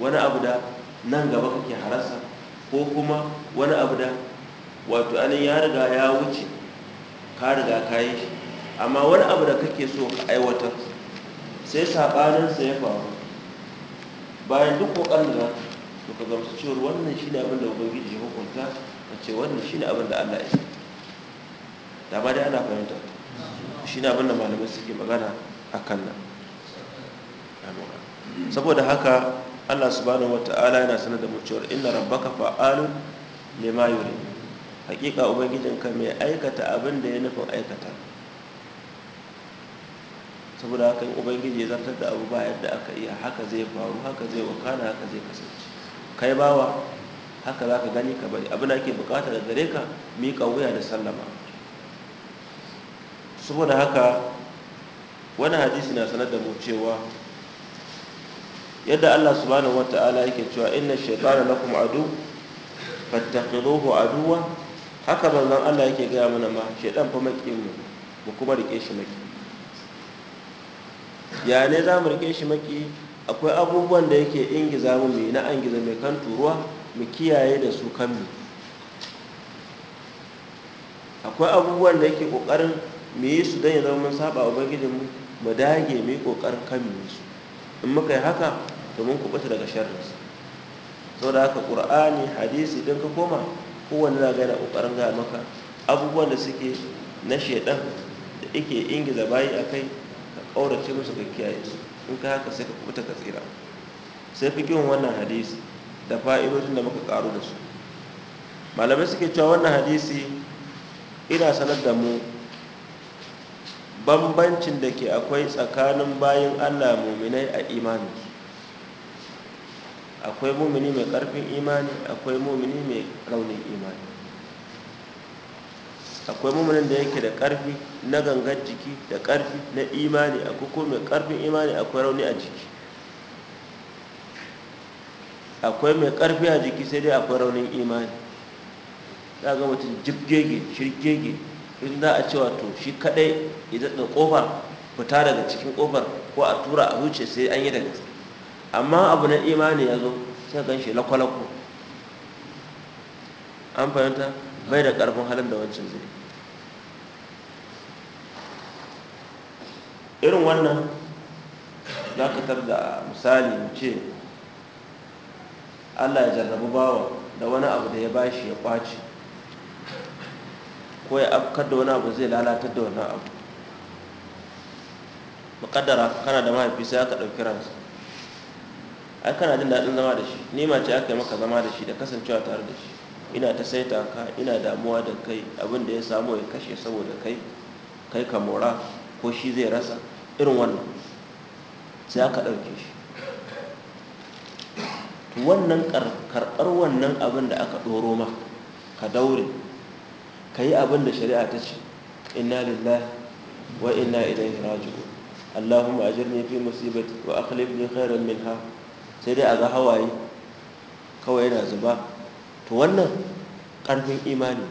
A: wani abu da nan gaba kake harasa ko kuma wani abu da wato anin ya riga ya wuce ka riga ka yi shi amma wani abu da kake so ka aiwatar sai saɓaninsa ya faru bayan duk kokarin da to ka gamsu cewar wannan shi ne abin da ubangiji ya hukunta a ce wannan shi ne abin da allah ya da ma dai ana fahimta shi ne abin da malamai suke magana a kan nan saboda haka allah subhanahu wa ta'ala yana sanar da mu cewar inna rabbaka fa'alun lima yuri hakika ubangijinka mai aikata abin da ya nufin aikata saboda haka ubangiji ya zartar da abu ba yadda aka iya haka zai faru haka zai wakana haka zai kasance kai bawa haka za ka gani ka bari abin da ake bukata da gare ka miƙa wuya da sallama saboda haka wani hadisi na sanar da mu cewa yadda allah subhanahu Ta'ala yake cewa inna shaitana lakum adu fattaqiduhu aduwa haka manzon Allah yake gaya mana ma shedan fa makiyin mu mu kuma rike shi maki ya ne za mu rike shi maki akwai abubuwan da yake ingiza mu mai na angiza mai kan turuwa mu kiyaye da su kan mu akwai abubuwan da yake kokarin mu yi su don ya zama mun saba ubangijin mu mu dage mu yi kokarin kan mu su in muka yi haka domin kubuta daga sharrinsa saboda haka qur'ani hadisi din ka koma kowane za ga yana ƙoƙarin gaya maka abubuwan da suke na shaidan da yake ingiza bayi a kai ka ƙaurace musu ka kiyaye su in ka haka sai ka kubuta ka tsira sai kiwon wannan hadisi da fa'idodin da muka ƙaru da su malamai suke cewa wannan hadisi ina sanar da mu bambancin da ke akwai tsakanin bayan allah muminai a imaninsu akwai mumini mai karfin imani akwai mumini mai raunin imani akwai muminin da yake da karfi na gangar jiki da karfi na imani akwai ko mai karfin imani akwai rauni a jiki akwai mai karfi a jiki sai dai akwai raunin imani za ga mutum jirgege shirgege in za a ce wato shi kadai idan da kofar fita daga cikin kofar ko a tura a wuce sai an yi da gaske amma abu na imani ya zo sai gan shi lakwalakwa an fahimta bai da ƙarfin halin da wancan zai irin wannan za ka tar da misali ce allah ya jarrabu bawa da wani abu da ya ba shi ya kwaci ko ya afkar da wani abu zai lalatar da wani abu makaddara kana da mahaifi ya aka ɗauki ai kana jin daɗin zama da shi nema ce aka yi maka zama da shi da kasancewa tare da shi ina ta saita ka ina damuwa da kai abin da ya samu ya kashe saboda kai kai ka mora ko shi zai rasa irin wannan sai aka ɗauke shi wannan karɓar wannan abin da aka ɗoro ma ka daure ka yi abin da shari'a ta ce inna lillahi wa inna ilaihi raji'un allahumma ajirni fi musibati wa akhlif li sai dai a ga hawaye kawai yana zuba to wannan ƙarfin imani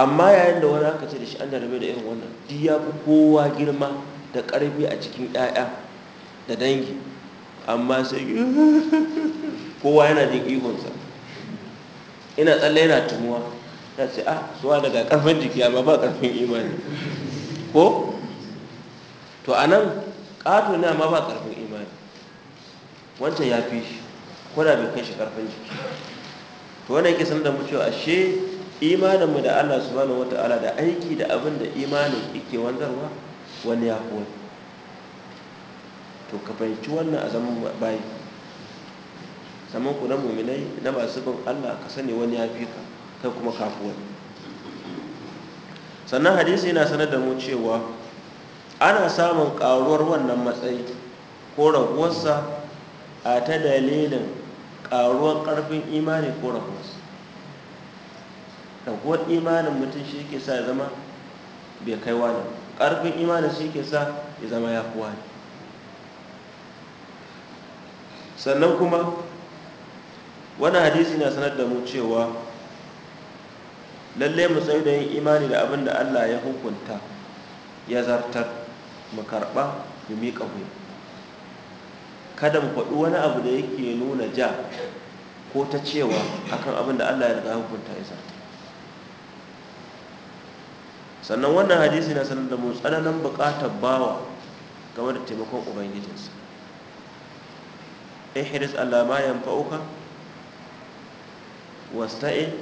A: amma yayin da wani aka ce da shi an da da irin wannan duk ya fi kowa girma da ƙarfi a cikin 'ya'ya da dangi amma sai kowa yana jin ihonsa. ina tsalle yana tumuwa ta ce ah suwa daga ƙarfin jiki amma ba ƙarfin imani ko to a nan ƙato ne amma ba ƙarfin wancan ya fi shi ko da bai kai shi karfin jiki to wannan yake sanar da mu cewa ashe imaninmu da Allah subhanahu wataala da aiki da abin da imanin yake wandarwa wani ya fi to ka fahimci wannan a zaman bayi zaman ku na muminai na masu bin Allah ka sani wani ya fi ka kai kuma kafuwa wani sannan hadisi yana sanar da mu cewa ana samun karuwar wannan matsayi ko raguwarsa a ta dalilin ƙaruwar ƙarfin imani ko rahuwarsa rahuwar imanin mutum shi ke sa ya zama bai kai wani ƙarfin imanin shi ke sa ya zama ya kuwa ne. sannan kuma wani hadisi na sanar da mu cewa lallai mu tsayi da yin imani da abin da allah ya hukunta ya zartar mu karɓa mu miƙa huyi kada mu faɗi wani abu da yake nuna ja ko ta cewa akan abin da Allah ya riga hukunta isa sannan wannan hadisi na sanar da mu tsananan buƙatar bawa game da taimakon ubangijinsa ihris Allah ma yanfa'uka wasta'in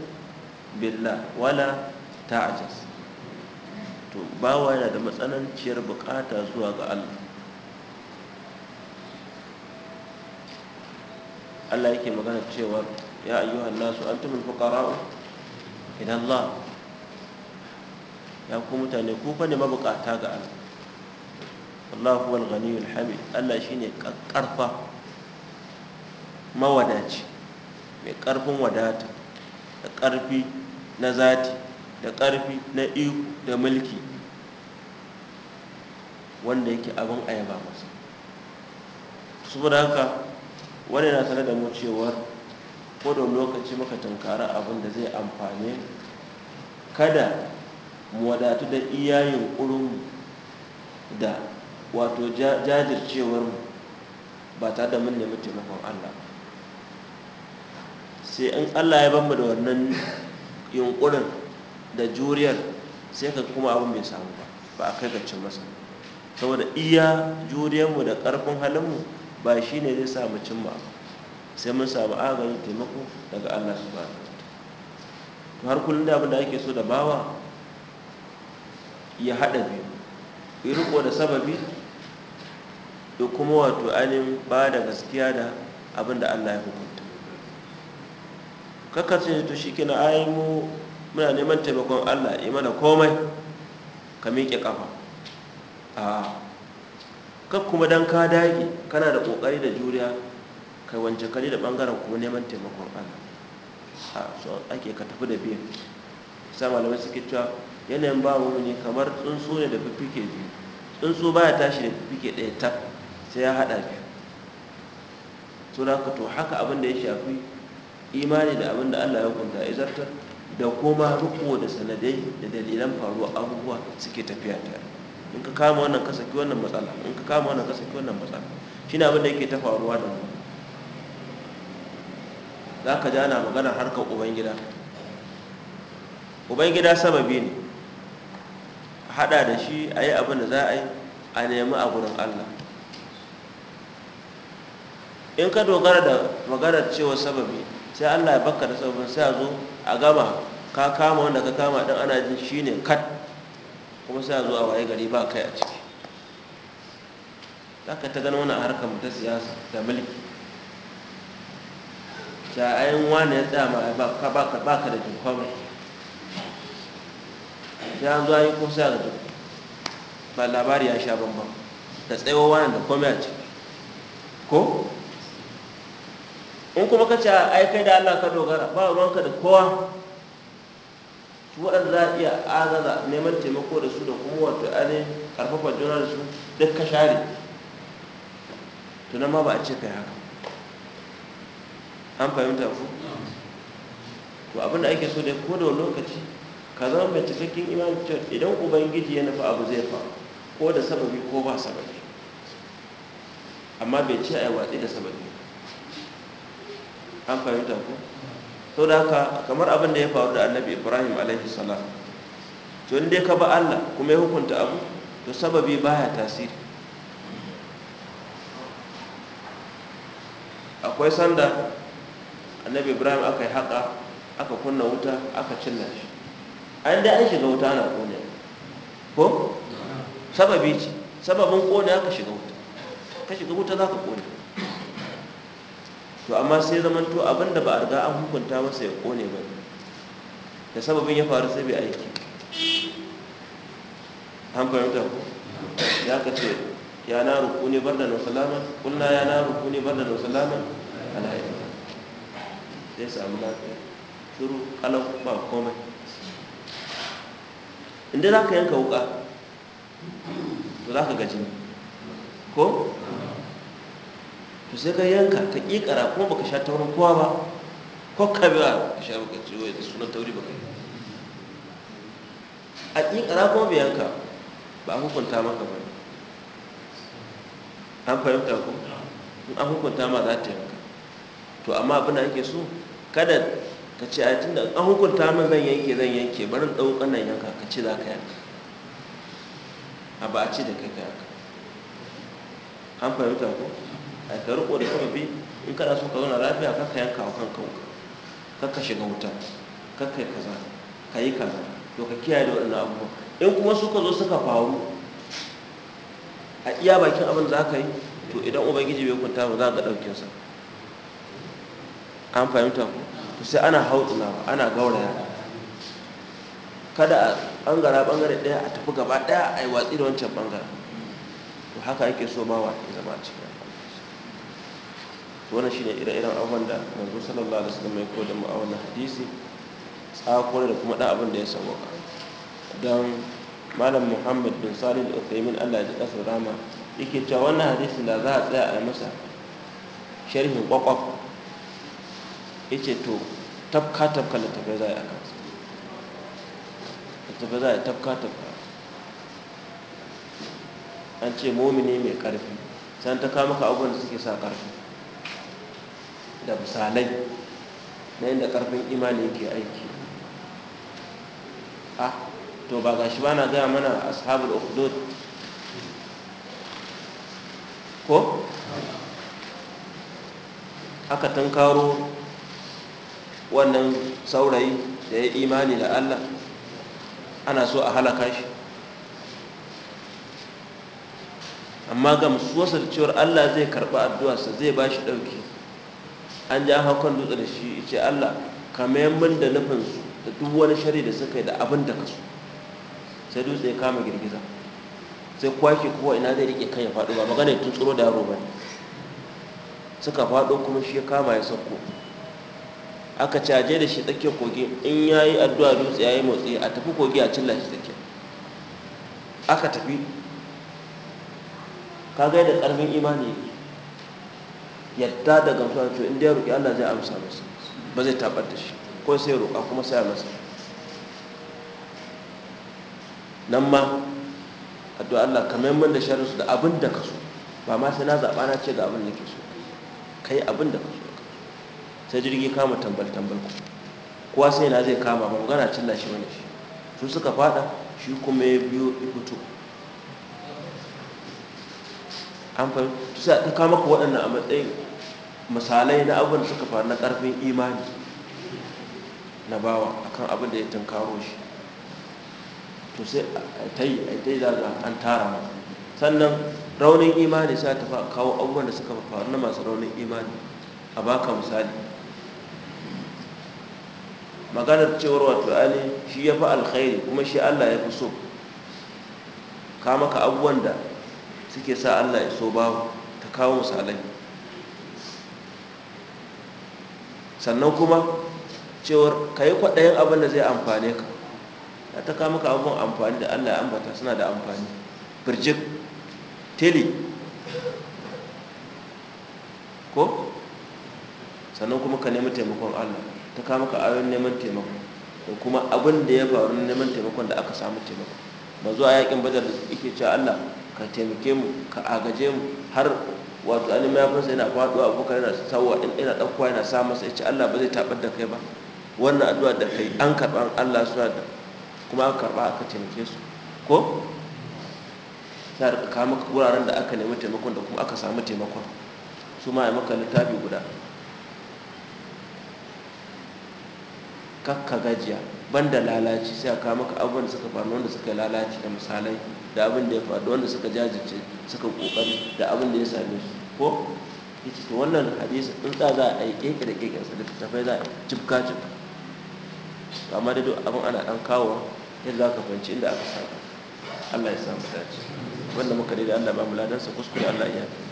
A: billah wala ta'jaz to bawa yana da matsananciyar buƙata zuwa ga Allah Allah yake magana cewa ya ayyuhan nasu antumul fuqara'u ila Allah ya ku mutane ku fa ne mabukata ga Allah Allahu wal ghaniyul hamid Allah shine karfa mawadaci mai karfin wadata da karfi na zati da karfi na iko da mulki wanda yake abin ayaba masa saboda haka wani na tare da mu cewar kodon lokaci muka tunkara abin zai amfane kada mu wadatu da iya yunkurinmu da wato mu ba tare da mun nemi taimakon allah sai in allah ya bamu da wannan yunkurin da juriyar sai ka kuma abin bai samu ba ba a kai gacin masa saboda iya juriyarmu da ƙarfin halinmu ba shi ne zai samu mu cimma sai mun samu agajin taimako daga Allah subhanahu to har kullum da abin da ake so da bawa ya haɗa biyu ya riko da sababi da kuma wato ainihin ba da gaskiya da abin da Allah ya hukunta kakkarce to shi kina ayi mu muna neman taimakon Allah ya mana komai ka miƙe ƙafa a kan kuma dan ka dage kana da kokari da juriya kai wance kali da bangaren kuma neman taimakon Allah a so ake ka tafi da biyan Sai malamai suke cewa yanayin ba mu ne kamar tsuntsu ne da ke biyu tsuntsu baya tashi da ke ɗaya ta sai ya haɗa biyu to da ka to haka abin da ya shafi imani da abin da Allah ya hukunta ya da kuma riko da sanadai da dalilan faruwa abubuwa suke tafiya tare in ka kama wannan ka saki wannan matsala in ka kama wannan ka saki wannan matsala shine abin da yake ta faruwa da mu za ka ji ana magana harkar ubangida ubangida sababi ne a hada da shi a yi abin da za a yi a nemi a gurin allah in ka dogara da maganar cewa sababi sai allah ya baka da sababin sai a zo a gama ka kama wanda ka kama din ana jin shi ne kat kuma sai zuwa waye gari ba kai a ciki ka ta gano wani harkar ta siyasa da mulki ja ayin wani ya tsaya ma ba ka ba ka da jinkon Ya an zuwa yi ko sai a ga ba labari ya sha bambam da tsayo wani da komai a ciki ko in kuma ka ce ai kai da Allah ka dogara ba ruwanka da kowa waɗanda za a iya agaza neman taimako da su da kuma wato ainihin ƙarfafa juna da su duk ka share tunan ma ba a ce kai haka an fahimta ku to abinda ake so da ko da lokaci ka zama mai cikakken imanin cewa idan ubangiji ya nufi abu zai fa ko da sababi ko ba sababi amma bai ce a yi watsi da sababi an fahimta ku sau da haka kamar abin da ya faru da annabi ibrahim alaihi salam to inda dai kaba allah kuma ya hukunta abu to sababi baya tasiri akwai sanda annabi ibrahim aka yi haƙa aka kunna wuta aka cinna shi a inda an shiga wuta ana kone ko sababi ce sababin kone aka shiga wuta ka shiga wuta za ka kone to amma sai zaman to abin da ba a riga an hukunta masa ya kone ba da sababin ya faru sai bai aiki an fahimta ku ya ka ce ya na ruku ne bar da na salama kuna ya na ruku ne bar da na salama ana yi sai samu lafiya shuru kalau ba komai inda za ka yanka wuka to za ka gaji ko to sai ka yanka ka kikara kuma baka sha taurin kowa ba ko ka biya ka sha baka ciwo da sunan tauri baka yi a kikara kuma bai yanka ba a hukunta maka ba ne. an fahimta ko in an hukunta ma za ta yanka to amma abin da ake so kada ka ce a tunda an hukunta min zan yanke zan yanke barin ɗaukan nan yanka ka ce za ka yanka a ba a ce da kai ka yanka an fahimta ko ka riko da bi in kana so ka zauna lafiya kakka yanka wa kanka wuka kakka shiga wuta kakka kaza ka yi kaza to ka kiyaye da wannan abubuwa in kuma suka zo suka faru a iya bakin abin za ka yi to idan ubangiji bai kunta ba za ka ɗaukin sa an fahimta ku to sai ana hautsina ba ana gauraya kada a bangara bangare ɗaya a tafi gaba ɗaya a yi watsi da wancan bangaren to haka yake so ba wa zama a cikin wannan shine ire-iren abin da manzo sallallahu alaihi wasallam ya koyar da mu a wannan hadisi tsakura da kuma da abin da ya sabo dan malam Muhammad bin Salih al-Uthaymin Allah ya ji kasar rama yake cewa wannan hadisi da za a tsaya a masa sharhin kwakwaf yace to tafka tafka littafai za a yi a kansa littafai za a yi tafka tafka an ce momini mai karfi san ta kama ka abubuwan da suke sa karfi da misalai na yadda karfin imani yake aiki ah to ba gashi ba na gaya mana ashabul ukhdud ko aka tankaro wannan saurayi da ya imani da Allah ana so a halaka shi amma ga musuwasar cewar Allah zai karɓi addu'arsa zai ba shi ɗauki an ja haukan dutse da shi ce Allah kamar min da nufin su da duk wani shari da suka yi da abin da kasu sai dutse ya kama girgiza sai kwaki kowa ina zai rike kai ya faɗo ba magana tun tsoro da yaro bane suka faɗo kuma shi ya kama ya sauko aka caje da shi tsakiyar kogi in ya yi addu'a dutse ya yi motsi a tafi kogi a cilla shi tsakiya aka tafi ka ga da ƙarfin imani yadda da gamsuwa to inda ya roƙi Allah zai amsa masa ba zai tabar da shi ko sai roƙa kuma sai masa nan ma addu'a Allah kamar mun da sharri da abin da ka so ba ma sai na zaɓa na ce ga abin da ke so kai abin da ka so sai jirgi kama tambal tambal ku kuwa sai na zai kama ba gana cilla shi wani shi su suka fada shi kuma ya biyo ya fito an fahim sai ta kama ka waɗannan a matsayin misalai na abin da suka faru na ƙarfin imani na bawa akan abin da ya tunkaro shi to sai ta yi ta yi an tara ma sannan raunin imani sai ta kawo abubuwan da suka faru na masu raunin imani a baka misali maganar cewar wato ali shi ya fi alkhairi kuma shi allah ya fi so ka maka abubuwan da suke sa Allah ya so babu ta kawo misalai sannan kuma cewar ka yi kwaɗayin abin da zai amfane ka ya ta kama ka abin amfani da Allah ya ambata suna da amfani birjik tele ko sannan kuma ka nemi taimakon Allah ta kama ka ayon neman taimako da kuma abin da ya faru neman taimakon da aka samu taimako ba zuwa yakin bajar da ike cewa Allah ka taimake mu ka agaje mu har wato an fasa yana faɗo abubakar yana sawa ina ɗaukowa yana sa masa ya ce allah ba zai taɓar da kai ba wannan addu'a da kai an karɓa allah suna da kuma aka karɓa aka taimake su ko na da kama wuraren da aka nemi taimakon da kuma aka samu taimakon su ma ya maka littafi guda kakka gajiya banda lalaci sai a kama maka abubuwan da suka faru wanda suka lalaci da misalai da abin da ya faru wanda suka jajirce suka kokari da abin da ya same su ko yace to wannan hadisi in da za a yi keke da keke sa tafai za a yi cibka cibka amma da duk abin ana dan kawo yadda za ka fahimci inda aka samu, Allah ya samu dace wanda muka da Allah ba mu sa kuskure Allah ya yi